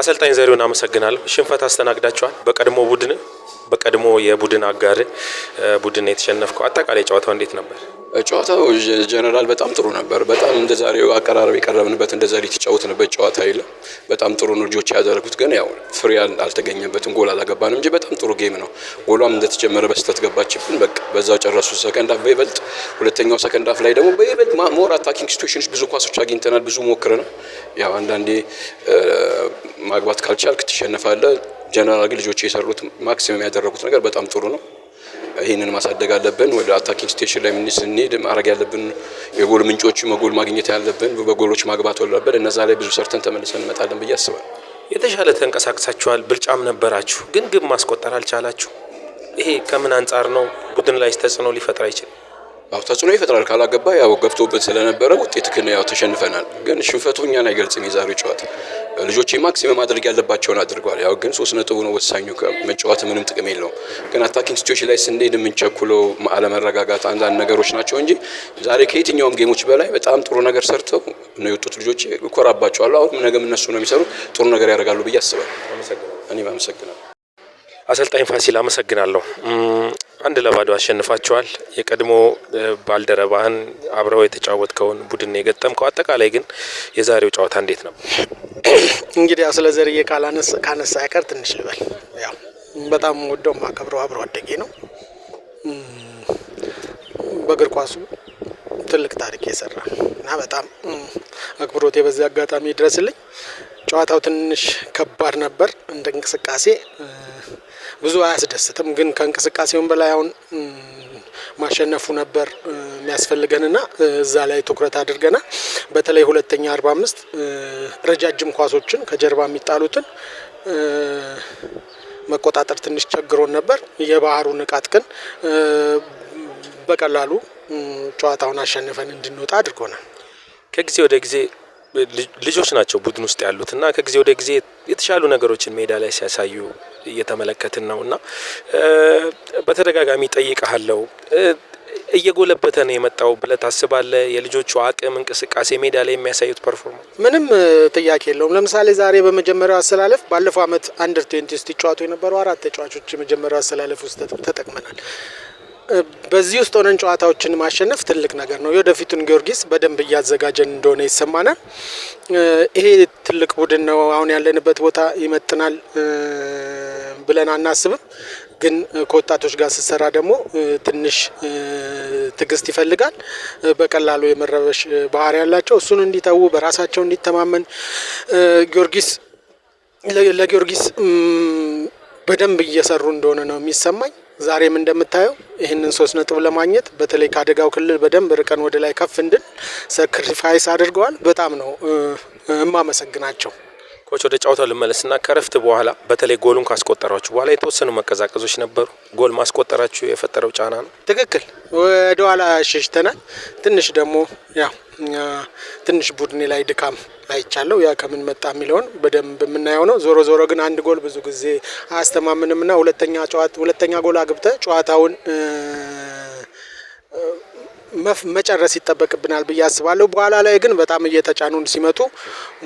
አሰልጣኝ ዘሪሁን አመሰግናለሁ። ሽንፈት አስተናግዳቸዋል። በቀድሞ ቡድን በቀድሞ የቡድን አጋር ቡድን የተሸነፍከው አጠቃላይ ጨዋታው እንዴት ነበር? ጨዋታው ጀነራል በጣም ጥሩ ነበር። በጣም እንደ ዛሬው አቀራረብ የቀረብንበት እንደ ዛሬ የተጫወትንበት ጨዋታ የለም። በጣም ጥሩ ነው ልጆች ያደረጉት፣ ግን ያው ፍሬ አልተገኘበትም፣ ጎል አላገባንም እንጂ በጣም ጥሩ ጌም ነው። ጎሏም እንደተጀመረ በስተት ገባችብን፣ በቃ በዛው ጨረሱ። ሰከንድ አፍ በይበልጥ ሁለተኛው ሰከንድ አፍ ላይ ደግሞ በይበልጥ ሞር አታኪንግ ሲቱዌሽኖች ብዙ ኳሶች አግኝተናል፣ ብዙ ነው ያው አንዳንዴ ማግባት ካልቻልክ ክትሸነፋለ ጀነራል ግን ልጆች የሰሩት ማክሲመም ያደረጉት ነገር በጣም ጥሩ ነው። ይህንን ማሳደግ አለብን። ወደ አታኪንግ ስቴሽን ላይ ስንሄድ ማድረግ ያለብን የጎል ምንጮች መጎል ማግኘት ያለብን በጎሎች ማግባት ወለብን። እነዛ ላይ ብዙ ሰርተን ተመልሰን እንመጣለን ብዬ አስባለሁ። የተሻለ ተንቀሳቅሳችኋል፣ ብልጫም ነበራችሁ፣ ግን ግብ ማስቆጠር አልቻላችሁ። ይሄ ከምን አንጻር ነው? ቡድን ላይ ተጽዕኖ ሊፈጥር አይችልም? አዎ ተጽዕኖ ይፈጥራል። ካላገባ ያው ገብቶብን ስለነበረ ክን ያው ተሸንፈናል። ግን ሽንፈቱ እኛን አይገልጽም። የዛሬው ጨዋታ ልጆቼ ማክሲመም ማድረግ ያለባቸውን አድርገዋል። ያው ግን ሶስት ነጥቡ ነው ወሳኙ። መጫወት ምንም ጥቅም የለውም። ግን አታኪንግ ሲቹዌሽን ላይ ስንሄድ የምንቸኩለው አለመረጋጋት፣ አንዳንድ ነገሮች ናቸው እንጂ ዛሬ ከየትኛውም ጌሞች በላይ በጣም ጥሩ ነገር ሰርተው ነው የወጡት ልጆች። እኮራባቸዋለሁ። አሁን ነገም እነሱ ነው የሚሰሩት ጥሩ ነገር ያደርጋሉ ብዬ አስባለሁ። እኔም አመሰግናለሁ። አሰልጣኝ ፋሲል አመሰግናለሁ። አንድ ለባዶ አሸንፋቸዋል። የቀድሞ ባልደረባህን አብረው የተጫወትከውን ቡድን የገጠምከው፣ አጠቃላይ ግን የዛሬው ጨዋታ እንዴት ነው? እንግዲህ ያው ስለ ዘርዬ ካነሳ ያቀር ትንሽ ልበል። ያው በጣም ወደው ማከብረው አብረው አደጌ ነው። በእግር ኳሱ ትልቅ ታሪክ የሰራ እና በጣም አክብሮት የበዛ አጋጣሚ ድረስልኝ። ጨዋታው ትንሽ ከባድ ነበር እንደ እንቅስቃሴ ብዙ አያስደስትም። ግን ከእንቅስቃሴውን በላይ አሁን ማሸነፉ ነበር የሚያስፈልገንና እዛ ላይ ትኩረት አድርገናል። በተለይ ሁለተኛ አርባ አምስት ረጃጅም ኳሶችን ከጀርባ የሚጣሉትን መቆጣጠር ትንሽ ቸግሮን ነበር። የባህሩ ንቃት ግን በቀላሉ ጨዋታውን አሸንፈን እንድንወጣ አድርጎናል። ከጊዜ ወደ ጊዜ ልጆች ናቸው ቡድን ውስጥ ያሉት እና ከጊዜ ወደ ጊዜ የተሻሉ ነገሮችን ሜዳ ላይ ሲያሳዩ እየተመለከትን ነው እና በተደጋጋሚ ጠይቀሃለው እየጎለበተ ነው የመጣው ብለህ ታስባለህ? የልጆቹ አቅም፣ እንቅስቃሴ፣ ሜዳ ላይ የሚያሳዩት ፐርፎርማንስ ምንም ጥያቄ የለውም። ለምሳሌ ዛሬ በመጀመሪያው አሰላለፍ ባለፈው ዓመት አንደር ትዌንቲ ውስጥ ይጫወቱ የነበሩ አራት ተጫዋቾች የመጀመሪያው አሰላለፍ ውስጥ ተጠቅመናል። በዚህ ውስጥ ሆነን ጨዋታዎችን ማሸነፍ ትልቅ ነገር ነው። የወደፊቱን ጊዮርጊስ በደንብ እያዘጋጀን እንደሆነ ይሰማናል። ይሄ ትልቅ ቡድን ነው፣ አሁን ያለንበት ቦታ ይመጥናል ብለን አናስብም። ግን ከወጣቶች ጋር ስትሰራ ደግሞ ትንሽ ትዕግስት ይፈልጋል። በቀላሉ የመረበሽ ባህሪ ያላቸው እሱን እንዲተዉ፣ በራሳቸው እንዲተማመን ጊዮርጊስ ለጊዮርጊስ በደንብ እየሰሩ እንደሆነ ነው የሚሰማኝ። ዛሬም እንደምታየው ይህንን ሶስት ነጥብ ለማግኘት በተለይ ከአደጋው ክልል በደንብ ርቀን ወደ ላይ ከፍ እንድን ሰክሪፋይስ አድርገዋል። በጣም ነው የማመሰግናቸው። ኮች ወደ ጨዋታው ልመለስና ከረፍት በኋላ በተለይ ጎሉን ካስቆጠራችሁ በኋላ የተወሰኑ መቀዛቀዞች ነበሩ። ጎል ማስቆጠራችሁ የፈጠረው ጫና ነው ትክክል። ወደ ኋላ ሸሽተናል። ትንሽ ደግሞ ያው ትንሽ ቡድኔ ላይ ድካም አይቻለው። ያ ከምን መጣ የሚለውን በደንብ የምናየው ነው። ዞሮ ዞሮ ግን አንድ ጎል ብዙ ጊዜ አያስተማምንም ና ሁለተኛ ጨዋታ ሁለተኛ ጎል አግብተ ጨዋታውን መጨረስ ይጠበቅብናል ብዬ አስባለሁ። በኋላ ላይ ግን በጣም እየተጫኑን ሲመጡ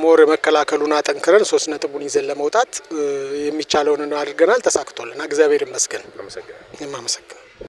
ሞር መከላከሉን አጠንክረን ሶስት ነጥቡን ይዘን ለመውጣት የሚቻለውን አድርገናል። ተሳክቶልና እግዚአብሔር ይመስገን። ማመሰግን